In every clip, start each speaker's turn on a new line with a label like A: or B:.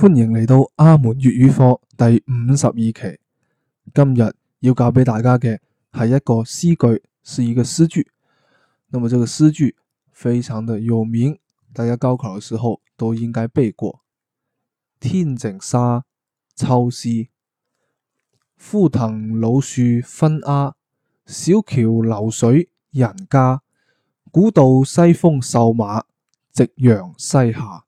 A: 歡迎嚟到阿門粵語課第五十二期，今日要教俾大家嘅係一個詩句，是一個詩句。那麼這個詩句非常的有名，大家高考的時候都應該背過。天淨沙秋思，枯藤老樹昏鴉，小橋流水人家，古道西風瘦馬，夕陽西下。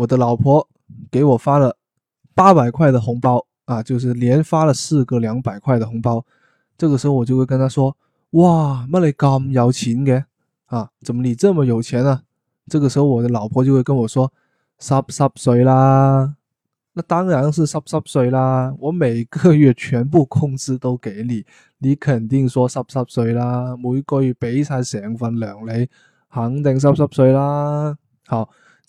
A: 我的老婆給我發了八百塊的紅包啊，就是連發了四個兩百塊的紅包。這個時候我就會跟她說：“哇，乜你咁有錢嘅？啊，怎麼你這麼有錢啊？”這個時候我的老婆就會跟我說：“濕濕碎啦，那當然是濕濕碎啦。我每個月全部工資都給你，你肯定說濕濕碎啦。每個月俾晒成份糧，你肯定濕濕碎啦，好。